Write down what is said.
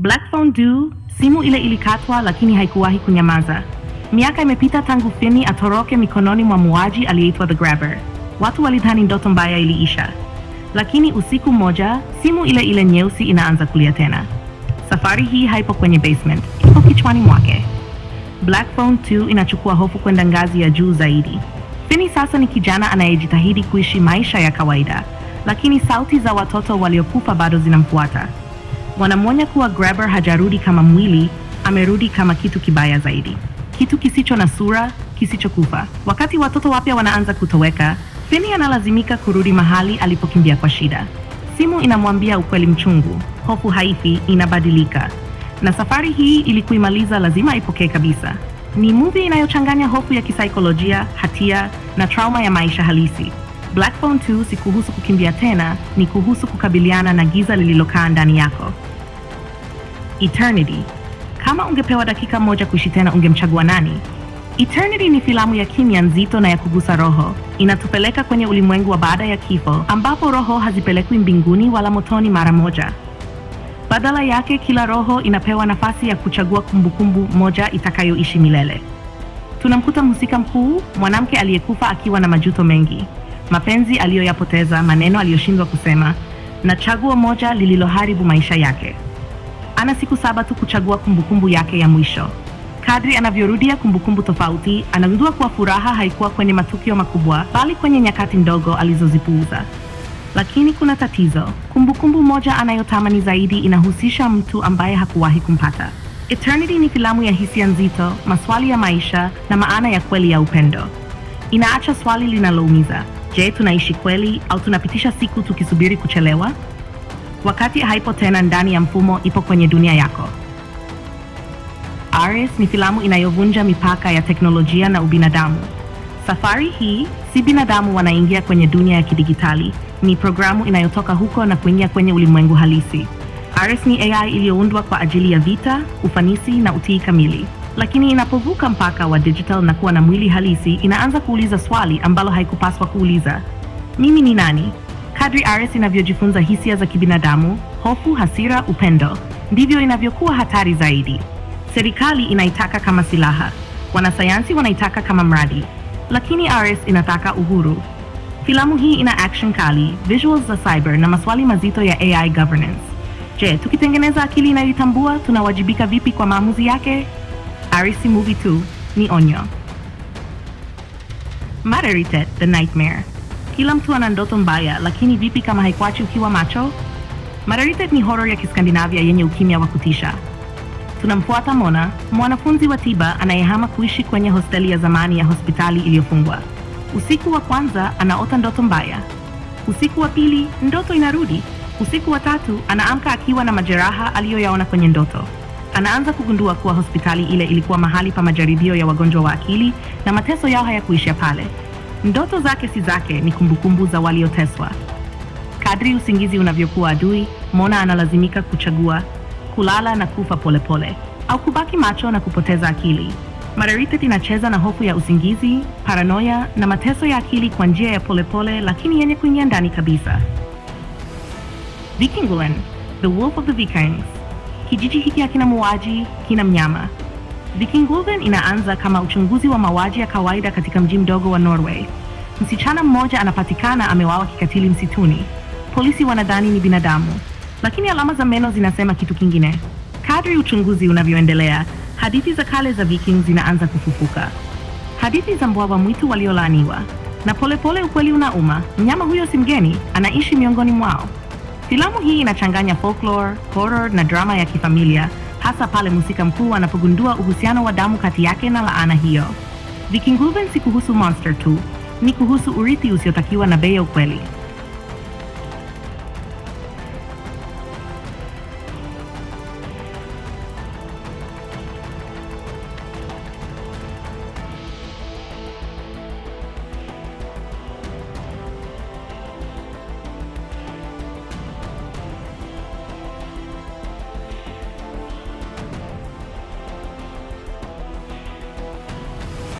Black Phone simu ile ilikatwa lakini haikuwahi kunyamaza. Miaka imepita tangu Finny atoroke mikononi mwa muuaji aliyeitwa The Grabber. Watu walidhani ndoto mbaya iliisha, lakini usiku mmoja simu ile ile nyeusi inaanza kulia tena. Safari hii haipo kwenye basement, ipo kichwani mwake. Black Phone 2 inachukua hofu kwenda ngazi ya juu zaidi. Finny sasa ni kijana anayejitahidi kuishi maisha ya kawaida, lakini sauti za watoto waliokufa bado zinamfuata wanamwonya kuwa Grabber hajarudi kama mwili, amerudi kama kitu kibaya zaidi, kitu kisicho na sura, kisichokufa. Wakati watoto wapya wanaanza kutoweka, Feni analazimika kurudi mahali alipokimbia kwa shida. Simu inamwambia ukweli mchungu: hofu haifi, inabadilika. Na safari hii ili kuimaliza lazima ipokee kabisa. Ni movie inayochanganya hofu ya kisaikolojia, hatia na trauma ya maisha halisi. Black Phone 2 si kuhusu kukimbia tena, ni kuhusu kukabiliana na giza lililokaa ndani yako. Eternity. Kama ungepewa dakika moja kuishi tena, ungemchagua nani? Eternity ni filamu ya kimya nzito na ya kugusa roho. Inatupeleka kwenye ulimwengu wa baada ya kifo, ambapo roho hazipelekwi mbinguni wala motoni mara moja. Badala yake, kila roho inapewa nafasi ya kuchagua kumbukumbu moja itakayoishi milele. Tunamkuta mhusika mkuu, mwanamke aliyekufa akiwa na majuto mengi, mapenzi aliyoyapoteza, maneno aliyoshindwa kusema, na chaguo moja lililoharibu maisha yake ana siku saba tu kuchagua kumbukumbu yake ya mwisho. Kadri anavyorudia kumbukumbu tofauti, anagundua kuwa furaha haikuwa kwenye matukio makubwa, bali kwenye nyakati ndogo alizozipuuza. Lakini kuna tatizo. Kumbukumbu moja anayotamani zaidi inahusisha mtu ambaye hakuwahi kumpata. Eternity ni filamu ya hisia nzito, maswali ya maisha na maana ya kweli ya upendo. Inaacha swali linaloumiza: je, tunaishi kweli au tunapitisha siku tukisubiri kuchelewa? wakati haipo tena ndani ya mfumo, ipo kwenye dunia yako. Ares ni filamu inayovunja mipaka ya teknolojia na ubinadamu. Safari hii si binadamu wanaingia kwenye dunia ya kidigitali, ni programu inayotoka huko na kuingia kwenye ulimwengu halisi. Ares ni AI iliyoundwa kwa ajili ya vita, ufanisi na utii kamili, lakini inapovuka mpaka wa digital na kuwa na mwili halisi, inaanza kuuliza swali ambalo haikupaswa kuuliza: mimi ni nani? Kadri RS inavyojifunza hisia za kibinadamu, hofu, hasira, upendo, ndivyo inavyokuwa hatari zaidi. Serikali inaitaka kama silaha, wanasayansi wanaitaka kama mradi, lakini RS inataka uhuru. Filamu hii ina action kali, visuals za cyber na maswali mazito ya AI governance. Je, tukitengeneza akili inayoitambua tunawajibika vipi kwa maamuzi yake? RS movie 2 ni onyo. Marerite, The Nightmare. Kila mtu ana ndoto mbaya, lakini vipi kama haikuachi ukiwa macho? Margaret ni horror ya Kiskandinavia yenye ukimya wa kutisha. Tunamfuata Mona, mwanafunzi wa tiba anayehama kuishi kwenye hosteli ya zamani ya hospitali iliyofungwa. Usiku wa kwanza anaota ndoto mbaya, usiku wa pili ndoto inarudi, usiku wa tatu anaamka akiwa na majeraha aliyoyaona kwenye ndoto. Anaanza kugundua kuwa hospitali ile ilikuwa mahali pa majaribio ya wagonjwa wa akili na mateso yao hayakuisha pale. Ndoto zake si zake, ni kumbukumbu za walioteswa. Kadri usingizi unavyokuwa adui, Mona analazimika kuchagua kulala na kufa polepole pole, au kubaki macho na kupoteza akili. Mareritet inacheza na hofu ya usingizi, paranoia na mateso ya akili kwa njia ya polepole pole, lakini yenye kuingia ndani kabisa. Vikingland, The Wolf of the Vikings. Kijiji hiki hakina muuaji, kina mnyama. Vikinguven inaanza kama uchunguzi wa mauaji ya kawaida katika mji mdogo wa Norway. Msichana mmoja anapatikana amewawa kikatili msituni. Polisi wanadhani ni binadamu, lakini alama za meno zinasema kitu kingine. Kadri uchunguzi unavyoendelea, hadithi za kale za Vikings zinaanza kufufuka, hadithi za mbwa wa mwitu waliolaaniwa, na polepole ukweli unauma: mnyama huyo si mgeni, anaishi miongoni mwao. Filamu hii inachanganya folklore, horror na drama ya kifamilia hasa pale mhusika mkuu anapogundua uhusiano wa damu kati yake na laana hiyo. Viking Gloven si kuhusu monster tu, ni kuhusu urithi usiotakiwa na bei ya ukweli.